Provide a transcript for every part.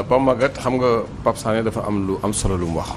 Euh, Pape Maguette xam nga Pape Sané dafa am lu am solo lu mu wax.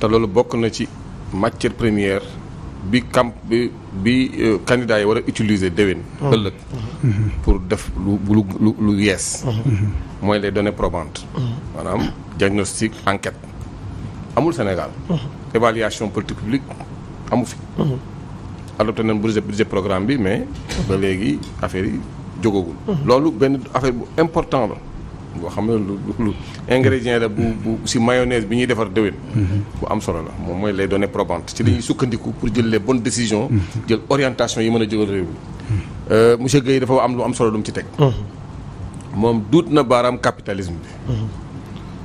te loolu bokk na ci matière première bi camp bi bi euh, candidat yi war a utiliser déwén. ëllëg pour def lu lu lu lu yees. mooy les données probantes. maanaam diagnostic enquête amul Sénégal. évaluation politique publique amu fi. adopté budget budget programme bi mais. ba léegi affaire yi jógagul. loolu benn affaire bu important la. boo xam ne lu lu ingrédient la bu bu si mayonnaise bi ñuy defar déwén. Mm-hmm. bu am solo la moom mooy les données probantes ci la ñuy sukkandiku pour jël les bonnes décisions. Mm-hmm. jël orientation yi mën a jógal réew mi. Mm-hmm. Euh, monsieur Guèye dafa am lu am solo lu mu ci teg. moom duut na baaraam capitalisme bi.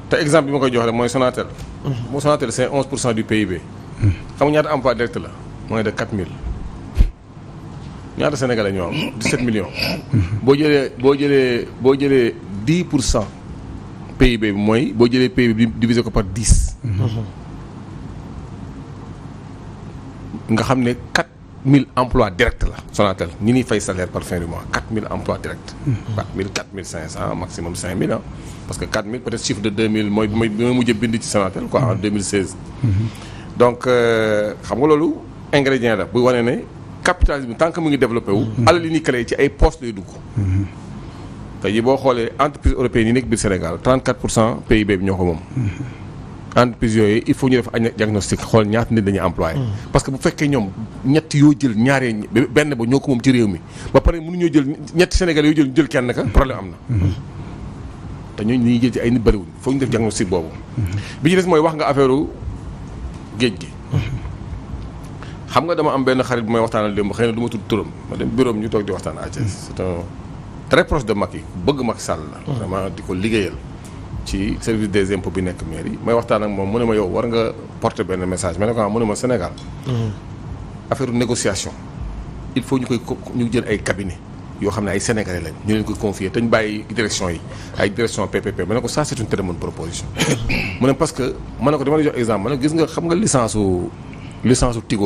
te exemple bi ma koy jox rek mooy Sonatel. moo Sonatel c'est 11 pour cent du PIB. xam nga am emploi direct la moins de 4000. ñaata Sénégalais ñoo am 17 millions. boo jëlee boo jëlee dix pour cent PIB bi mooy boo jëlee PIB bi divisé ko par dix. nga xam ne quatre mille emplois directs la. Sonatel ñi ñuy fay salaire par fin du mois quatre mille emplois directs. quatre mille quatre mille cinq cent maximum cinq mille ah. parce que quatre mille peut-être de deux mille mooy mooy mooy mujj bind ci Sonatel quoi en deux mille seize. donc euh, xam nga loolu ingrédient la bu wane ne capitalisme tant que mu ngi développé wu. alal li ñuy créé ci ay postes lay dugg. tey boo xoolee entreprise européenne yi nekk biir Sénégal 34 pour cent PIB bi ñoo ko moom. entreprise yooyu il faut ñu def ay diagnostic xool ñaata nit dañu employé. parce que bu fekkee ñoom ñett yoo jël ñaaree benn ba ñoo ko moom ci réew mi ba pare mënuñoo jël ñetti Sénégal yoo jël jël kenn ka problème am na. te ñooñu dañuy jël ci ay nit bëriwul foog ñu def diagnostic boobu. bi ci des mooy wax nga affaire géej gi. xam nga dama am benn xarit bu may waxtaanal démb xëy na du ma turam ma dem ñu toog di waxtaan à ah, très proche de mag Macky bëgg Macky Sall la. Mm-hmm. vraiment di ko liggéeyal. ci service des impôts bi nekk mairie may waxtaan ak moom mu ne ma yow war nga porter benn message ma ne ko ah mu ne ma Sénégal. Mm-hmm. affaire négociation. il faut ñu koy ko ñu jël ay cabinet yoo xam ne ay sénégalais lañ ñu leen ko confier te ñu bàyyi direction yi ay direction PPP ma ne ko ça c'est une très proposition. mu ne parce que ma ne ko dama lay jox exemple ma ne gis nga xam nga licence su licence su ñu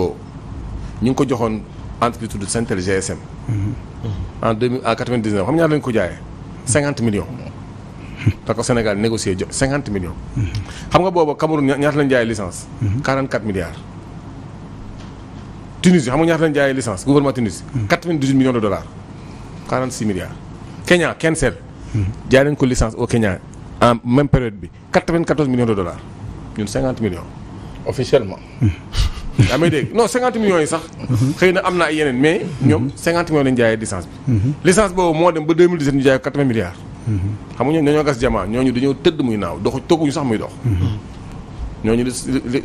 ngi ko joxoon entreprise tudd Sentel GSM. Mm-hmm. Mm-hmm. en deux mille en quatre vingt dix ko jaayee. cinquante millions. da ko Sénégal négocié jo cinquante millions. Mm-hmm. xam nga booba Cameroun ñaata lañ jaayee licence. Mm-hmm. quarante quatre milliards. Tunisie xam nga ñaata lañ jaayee licence gouvernement Tunisie. quatre millions de dollars. quarante six milliards. Kenya Kensel. jaay nañ ko licence au Kenya en même période bi quatre vingt quatorze millions de dollars ñun cinquante millions. yaa may dégg non 50 millions yi sax. xëy na am na ay yeneen mais. ñoom 50 millions lañ jaayee licence bi. licence boobu moo dem ba 2017 ñu jaayee 80 milliards. xam nga ñooñu ñoo gas jamaa ñooñu dañoo tëdd muy naaw dox togguñu sax muy dox. ñooñu li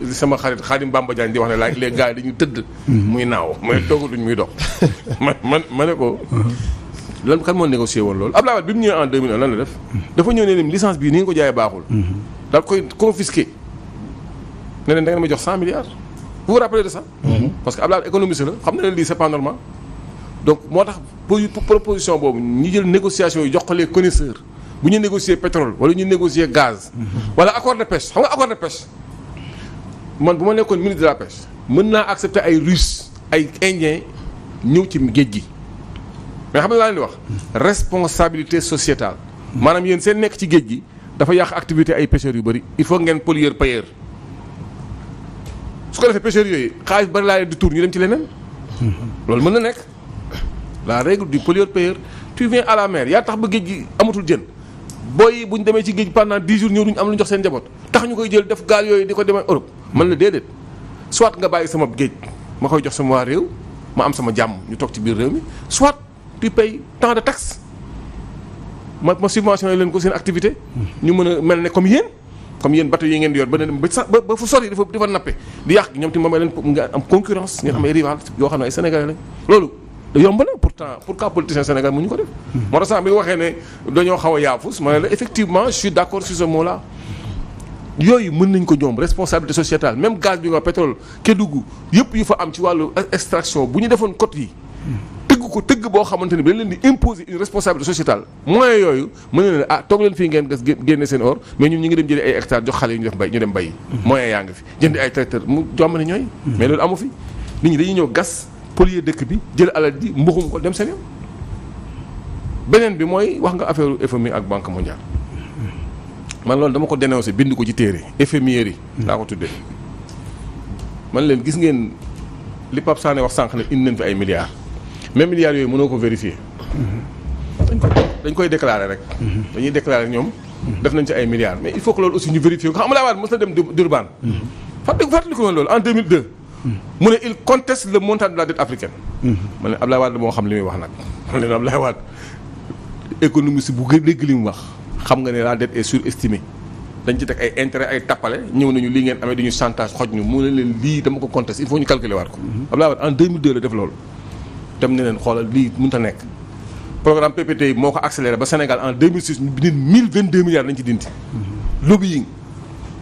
li sama xarit Xaadim Bamba Diagne di wax ne laaj les gars yi dañu tëdd. muy naaw mooy toggutuñ muy dox. man man ma ne ko. lan kan moo négocié woon loolu Abdoulaye bi mu ñëwee en 2001 lan la def. dafa ñëw ne leen licence bii ni nga ko jaaye baaxul. daal koy confisqué. ne leen da ma jox 100 milliards. vous vous rappelez de ça. Mhm. parce que Abdoulaye économiste la xam na ne lii c'est pas normal. donc moo tax proposition boobu ñi jël négociation yi jox ko les bu ñu négocier pétrole wala ñu négocier gaz. Mhm. wala accord de pêche xam nga accord de pêche man bu ma nekkoon ministre de la pêche mën naa accepter ay russe ay indien ñëw ci géej gi mais xam ne laa leen di wax responsabilité societal mhm. maanaam yéen seen nekk ci géej gi dafa yàq activité ay pêcheurs yu bëri il faut ngeen pollueur payeur su ko defee pêcheurs yooyu xaalis bari laa leen di tuur ñu dem ci leneen. loolu mën na nekk la règle du pollueur-payeur tu viens à la mer yaa tax ba géej gi amatul jën booy yi bu ñu demee ci géej pendant dix jours ñëw duñu am lu ñu jox seen njaboot tax ñu koy jël def gaal yooyu di ko demee Europe man la déedéet soit nga bàyyi sama géej ma koy jox sama waa réew ma am sama jàmm ñu toog ci biir réew mi soit tu payes tant de taxes ma ma subventionné leen ko seen activité ñu mën a mel ne comme yéen. comme yéen bateau yi ngeen di yor ba dem ba sax ba fu sori dafa dafa nappe di yàq ñoom tamit moom leen nga am concurrence ngeen am ay rival yoo xam ne ay sénégalais lañ loolu yomb na pourtant pourquoi politicien Sénégal mu ñu ko def. moo tax sax bi nga waxee ne dañoo xaw a yaafus ma ne la effectivement je suis d' accord la ce mot yooyu mën nañ ko ñoom responsabilité sociétale même gaz bi nga pétrole Kédougou yëpp yu fa am ci wàllu extraction bu ñu defoon côte yi. tëgg ko tëgg boo xamante ni bi dañ leen di imposer une responsabilité sociétale moyens yooyu mën na leen ah toog leen fii ngeen gas génne seen or mais ñun ñu ngi dem jëli ay hectares jox xale yi ñu def mbay ñu dem mbay mm-hmm. yaa ngi fi jënd ay tracteurs mu jomb ne ñooy mm-hmm. mais loolu amu fi nit ñi dañuy ñëw gas polier dëkk bi jël alal ji mbuxum ko dem seen yoon beneen bi mooy wax nga affaire FMI ak banque mondiale mm-hmm. man loolu dama ko dénoncé bind ko ci téere FMI yi laa ko leen gis ngeen li Pape Sané wax sànq ne indi nañ fi ay milliards mais milliards yooyu mënoo ko vérifier. dañ koy dañ koy déclarer rek. dañuy déclarer ñoom. def nañ ci ay milliards mais il faut que loolu aussi ñu vérifier ko xam nga Ablaye Wade mos na dem Durban. fàttali fàttali ko woon loolu en 2002. ne il conteste le la dette africaine. moo xam li muy wax nag ma ne Ablaye Wade économiste bu gën dégg li mu wax xam nga ne la dette est surestimée. dañ ci teg ay intérêt ay tappale ñëw nañu lii ngeen amee dañu chantage xoj ñu mu ne leen lii dama ko conteste il faut ñu calculer waat ko. Ablaye Wade en 2002 la def dem ne leen xoolal lii mun ta nekk programme PPT yi moo ko accéléré ba Sénégal en 2006 bi nit 1022 milliards lañ ci dindi. lobbying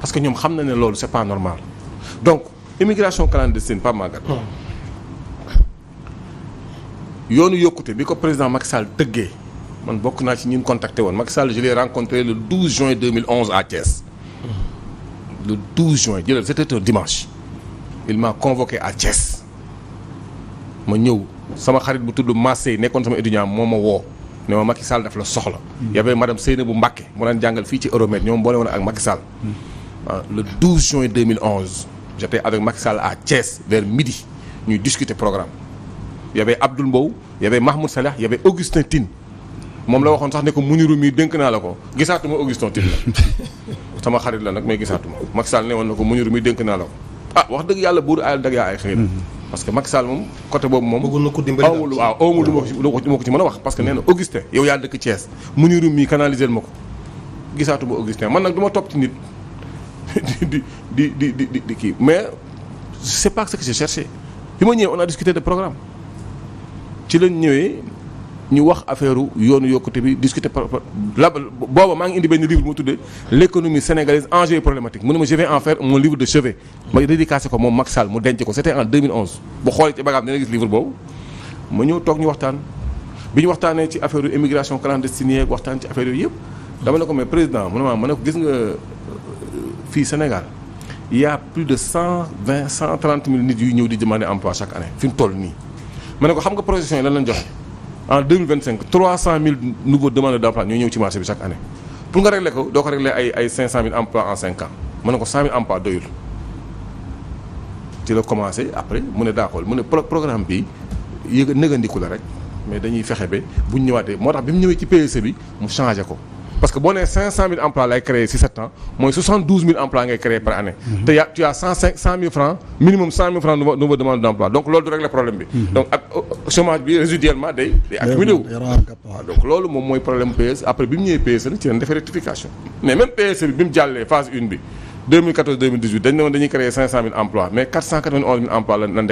parce que ñoom xam na ne loolu c'est pas normal donc immigration clandestine pas magal. Hmm. yoonu yokkute bi ko président Macky Sall tëggee man bokk naa ci ñun contacté woon Macky Sall je rencontré le 12 juin 2011 à Thiès. Hmm. le 12 juin jëlal c'était un dimanche il m'a convoqué à Thiès. ma ñëw sama xarit bu tudd Massé nekkoon sama étudiant moom ma woo ne ma Macky Sall daf la soxla. Hmm. yabee madame Seynabou Mbacké mu daan jàngal fii ci Euromed ñoom boole woon ak Macky Sall. Hmm. Ah, le 12 juin 2011 j'étais avec Macky Sall à Thiès vers midi ñuy discuter programme yabee Abdoul Mbow yabee Mahmoud Salah yabee Augustin Tine moom la waxoon sax ne ko Mounirou mii dënk naa la ko gisaatuma Augustin Tine la sama xarit la nag mais gisaatuma Macky Sall ne woon na ko Mounirou mii dénk naa la ko ah wax dëgg yàlla buur ayal dëgg yaa parce que Macky Sall moom côté boobu moom. bëggoon na ko dimbali daal waaw awma lu ma ko lu ci mën a wax. parce que nee na Augustin yow yaa dëkk Thiès Mounirou mii canaliser ma ko gisaatu ma Augustin man nag du topp ci nit di di di di kii mais c'est pas ce que j'ai cherché bi ma ñëwee on a discuté de programme ci lañ ñëwee. ñu wax affaire yoonu yokkute bi discuter par la booba maa ngi indi benn livre mu tuddee l' économie sénégalaise enjeux et problématiques mu ne ma je vais en faire mon livre de chevet ma dédicacé ko moom Macky Sall mu denc ko c' était en 2011 bu xoolee ci bagaam dina gis livre boobu ma ñëw toog ñu waxtaan bi ñu waxtaanee ci affaire yu immigration clandestine yeeg waxtaan ci affaire yooyu yëpp dama ne ko mais président mu a ma ma ne ko gis nga euh, fii Sénégal il y plus de cent vingt cent trente mille nit yuy di demander emploi chaque année fi mu ma ne ko xam nga projection yi lan lañ joxe en 2025 300 000 nouveaux demandeurs d'emploi ñoo ñëw ci marché bi chaque année pour nga régler ko doo ko régler ay ay 500 000 emplois en 5 ans na ko 100 000 emplois doyul ci la commencé après mu ne d'accord mu ne programme bi yëg nëgandiku la rek mais dañuy fexe ba bu ñu ñëwaatee moo tax bi mu ñëwee ci PSE bi mu changé ko. parce que boo nee 500000 emplois lay créer ci 7 ans mooy 72000 emplois ngay créer par année. Mhm. te yaa tu minimum 100000 francs nouveau nouveau demande du régler mhm. euh, donc loolu moom mooy problème PSE après bi mu ñëwee PSE nag ci lañ defee rectification. mais même PSE bi bi mu jàllee phase une bi dañ ne dañuy créer 500000 emplois mais 491000 emplois lañ lañ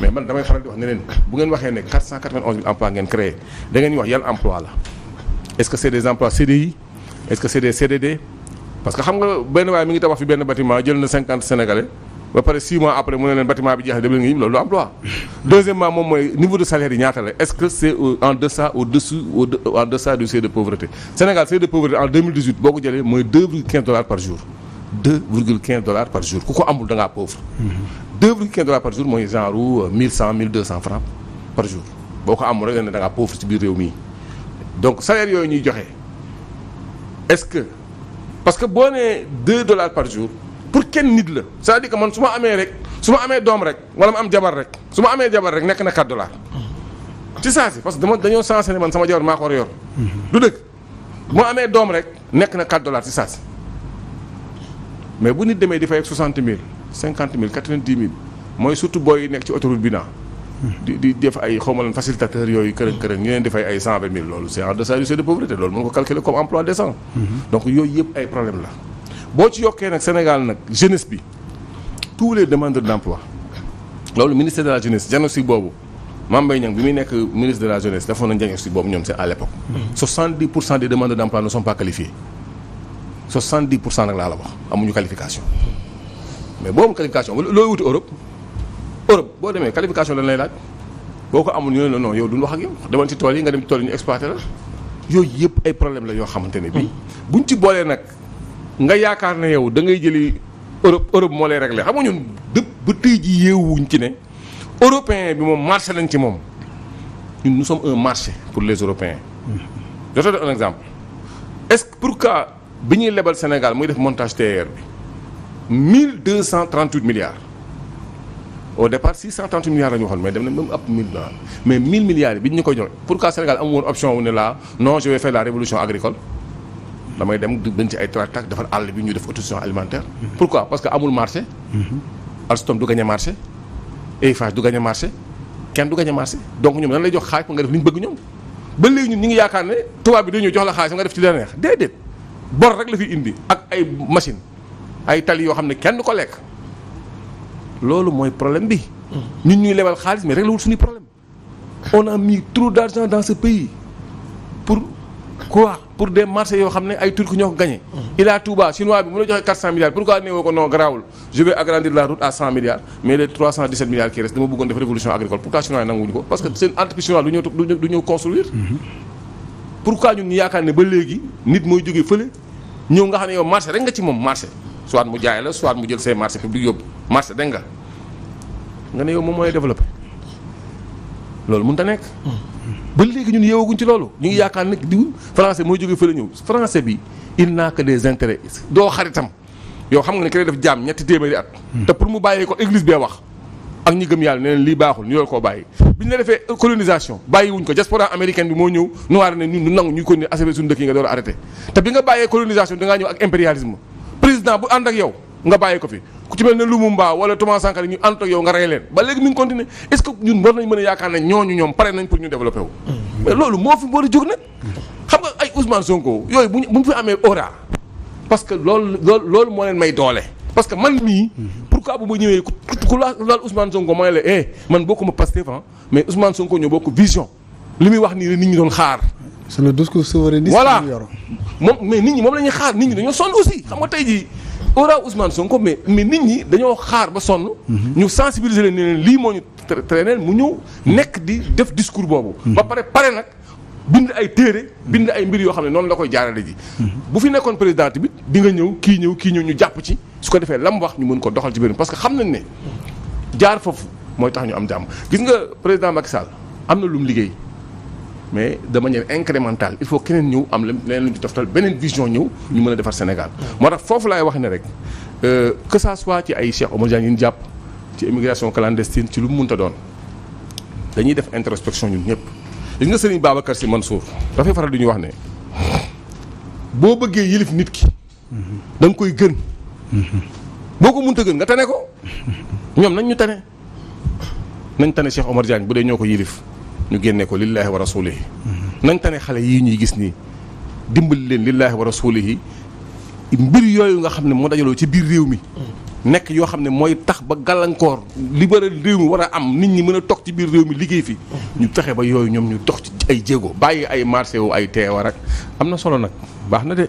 mais man damay faral di wax ne bu ngeen waxee ne 491000 emplois ngeen créé da ngeen est-ce que c'est des parce que xam nga benn waaye mi ngi tabax fi benn bâtiment jël na cinquante sénégalais ba pare six mois après mu ne leen bâtiment bi jeex na dem leen nga emploi deuxièmement salaire ñaata la est-ce que c'est en deçà au dessous en deçà du seuil de pauvreté Sénégal seuil de pauvreté en 2018 boo ko jëlee mooy 2,15 dollars par jour 2,15 dollars par jour ku ko amul da ngaa pauvre 2,15 mm-hmm. dollars par jour mooy genre 1100 euh, francs par jour boo ko amul rek da ngaa pauvre mi. donc salaire yooyu ñuy joxe est-ce que parce que boo nee 2 dollars par jour pour kenn nit la cest à man su ma amee rek su ma amee doom rek wala ma am jabar rek su ma amee jabar rek nekk na 4 dollars. ci saa si parce que dama dañoo sensé ne man sama jabar maa ko war a yor. du dëgg bu ma amee doom rek nekk na 4 dollars ci saa si mais bu nit demee di fay ak mille 000 50 000 90 000 mooy surtout booy nekk ci autoroute bi naa. di di def ay xawma facilitateur yooyu kërën kërën ñu leen di ay cent vingt mille loolu c'est en deçà du seuil de pauvreté loolu mën ko calculer comme emploi décent mhm. donc yooyu yëpp ay problème la boo ci yokkee nag Sénégal nag jeunesse bi tous les demandeurs d'emploi loolu ministère de la jeunesse diagnostic boobu Mame Mbaye Niang bi muy nekk ministre de la jeunesse defoon na diagnostic boobu ñoom c'est à l'époque mhm. soixante-dix pour cent des demandeurs d'emploi Europe boo demee qualification lañ lay laaj boo ko amul ñu ne la non yow duñ wax ak yow demal ci tool yi nga dem ci tool yi ñu exploité la yooyu yëpp ay problème la yoo xamante ne bii hmm. buñ ci boolee nag nga yaakaar ne yow da ngay jëli Europe Europe moo lay réglé xam nga dëpp ba tey ji yeewuñ ci ne européen bi moom marché lañ ci moom ñun nous sommes un marché pour les européens hmm. je te donne un exemple est-ce que pourquoi bi ñuy lebal Sénégal muy def montage TER bi 1238 milliards au départ 630 milliards la ñu waxoon mais dem na même ab 1000 milliards mais milliards bi ñu ko jox pourquoi Sénégal amu woon option wu ne la non je vais la révolution agricole damay dem gën ci ay tracteur defar àll bi ñu def autosuffisance alimentaire. pourquoi parce que amul marché. Mm-hmm. Alstom du gagné marché. Eiffage du gagné marché. kenn du gagné marché donc ñoom nan lay jox xaalis pour nga def li bëgg ñoom ba léegi ñun ñu ngi yaakaar ne tubaab bi dañuy jox la xaalis nga def ci la neex déedéet bor rek la indi ak ay machine ay tali yoo xam ne kenn du ko lekk. loolu mooy problème bi. ñun mm. ñuy lebal xaalis mais réglé wul suñu problème. on a mis trop d' dans ce pays pour quoi pour des marchés yoo xam ne ay turcs ñoo ko gagné. Mm. il a Touba chinois bi mu la joxee 400 milliards pourquoi néewoo ko non garaawul je vais la route à 100 milliards mais les 317 milliards qui restent dama bëggoon def révolution agricole pourquoi chinois yi nanguwuñu ko parce que seen entreprise du ñëw du mm-hmm. ñu yaakaar ne ba léegi nit mooy jógee fële ñëw nga xam ne yow marché rek nga moom marché soit mu jaay la soit marché dégg nga nga ne yow moom mooy développé loolu mun a nekk. ba léegi ñun yeewaguñ ci loolu ñu ngi yaakaar ne diw français mooy jógee fële ñëw français bi il n'a que des intérêts doo xaritam yow xam nga ne ki def jaam ñetti téeméeri at. te pour mu bàyyee ko église bee wax. ak ñi gëm yàlla ne leen lii baaxul ñu doon koo bàyyi bi ñu la defee colonisation bàyyi wuñ ko diaspora américaine bi moo ñëw noir ne ñun du nangu ñu ko ne assommé suñu dëkk yi nga door a arrêté te nga bàyyee colonisation dangaa ñëw ak impérialisme président bu ànd ak yow nga bàyyi ko fi ku ci mel ne Lumumba wala Thomas Sankara ñu ànd ak yow nga rey leen ba léegi mi ngi continuer est-ce que ñun war nañ mën a yaakaar ne ñooñu ñoom pare nañ pour ñu développer wu. mais loolu a jóg moo leen may doole. parce que man mii. pourquoi bu ma ñëwee ku laal Ousmane Sonko mooy eh, ah, wax nii la nit ñi doon xaar. c'est le discours souverainiste. voilà moom mais nit ñi moom la ñuy xaar nit ñi dañoo sonn aussi xam nga tey jii aura Ousmane Sonko mais mais nit ñi dañoo xaar ba sonn. Mhm. ñu sensibiliser leen ne lii moo ñu traîner mu ñëw nekk di def discours boobu. Mhm. ba pare pare nag bind ay téere bind ay mbir yoo xam ne noonu la koy jaarale ji. Mhm. bu fi nekkoon président bi di nga ñëw kii ñëw kii ñëw ñu jàpp ci su ko defee lam wax ñu mën ko doxal ci biir parce que xam nañ ne jaar foofu mooy tax ñu am jàmm gis nga président Macky Sall am na lum liggéey. mais dama manière incrémentale il faut keneen ñëw am leneen lu ñu toftal beneen vision ñëw ñu mën a defar Sénégal. moo tax foofu laay wax ne rek euh, que ça soit ci ay Cheikh Oumar yi ñu jàpp ci immigration clandestine ci lu mu mënta doon dañuy def introspection ñun ñëpp. gis nga Serigne Babacar Sy Mansour dafay faral di ñu wax ne boo bëggee yilif nit ki da koy gën. boo ko mënta gën nga tane ko ñoom nañ ñu tane nañ tane Cheikh Oumar Diagne bu dee ñoo ko yilif. ñu génne ko lillaahi wa rasuulihi nañ tane xale yii ñuy gis nii dimbali leen lillaahi wa rasuulihi mbir yooyu nga xam ne moo dajaloo ci biir réew mi nekk yoo xam ne mooy tax ba gàllankoor li bëri réew mi war a am nit ñi mën a toog ci biir réew mi liggéey fi ñu fexe ba yooyu ñoom ñu dox ci ay jéego bàyyi ay marché wu ay teewa rek am na solo nag baax na de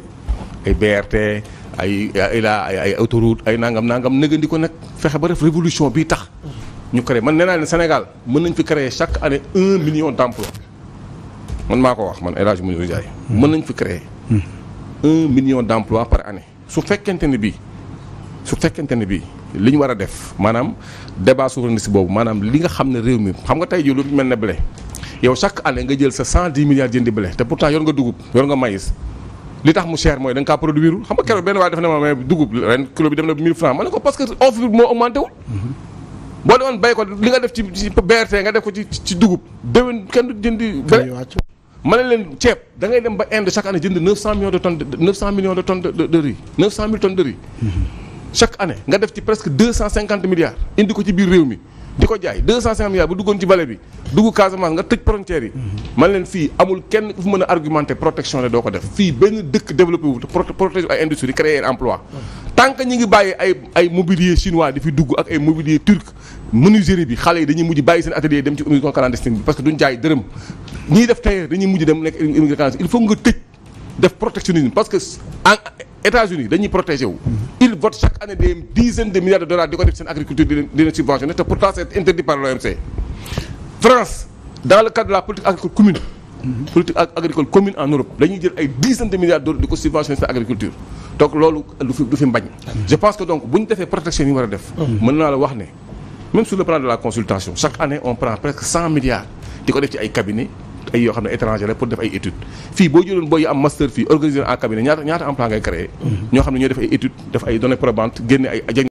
ay BRT ay ay ay autoroute ay nangam nangam nëgandi ko nag fexe ba def révolution bi tax ñu créé man nee naa leen Sénégal mën nañ fi créer chaque année un million d' emplois man maa ko wax man El Hadj Mounirou jaay mën nañ fi créer un million d' par année su fekkente ne bii su fekkente ne bii li ñu war a def maanaam débat souverainiste boobu maanaam li nga xam ne réew mi xam nga tey jii mel ne blé yow chaque année nga jël sa 110 milliards jëndi blé te pourtant yor nga dugub yor nga maïs li tax mu cher mooy da nga kaa produire xam nga keroog benn waaye def na ma mais dugub ren kilo bi dem na 1000 boo demoon bay ko li nga def ci ci BRT nga def ko ci ci dugub déwén kenn du jëndi bële ma ne leen ceeb da ngay dem ba Inde chaque année jënd 900 millions de tonnes de 900 millions de tonnes de de riz 900 mille tonnes de riz. Mhm. chaque année nga def ci presque 250 milliards indi ko ci biir réew mi. di ko jaay 250 milliards bu duggoon ci vallée bi dugg Casamance nga tëj frontières yi. man leen fii amul kenn ku fi mën a argumenter protection la doo ko def fii benn dëkk développé wu protéger ay industries créer emploi tant que ngi bàyyi ay ay mobilier chinois di fi dugg ak ay mobilier turc menuiserie bi xale yi dañuy mujj bàyyi seen atelier dem ci immigration clandestine bi parce que duñ jaay dërëm ñiy def tailleur dañuy mujj dem nekk immigration def protectionnisme parce que en États-Unis dañuy protéger wu. ils votent chaque année des dizaines de milliards de dollars di ko def seen agriculture di leen di leen subventionné te pourtant c'est interdit par l'OMC. France dans le cadre de la politique agricole commune. politique agricole commune en Europe dañuy jël ay dizaines de milliards d'euros di ko subventionné seen agriculture donc loolu du fi mbañ. je pense que donc bu ñu defee protection yi war a def. mën naa la wax ne même ay yoo xam ne étranger la pour def ay études fii boo jëloon booy am master fii organiser en cabinet ñaata ñaata emploi ngay créer mm-hmm. ñoo xam ne ñooy def ay études def ay données probantes génne ay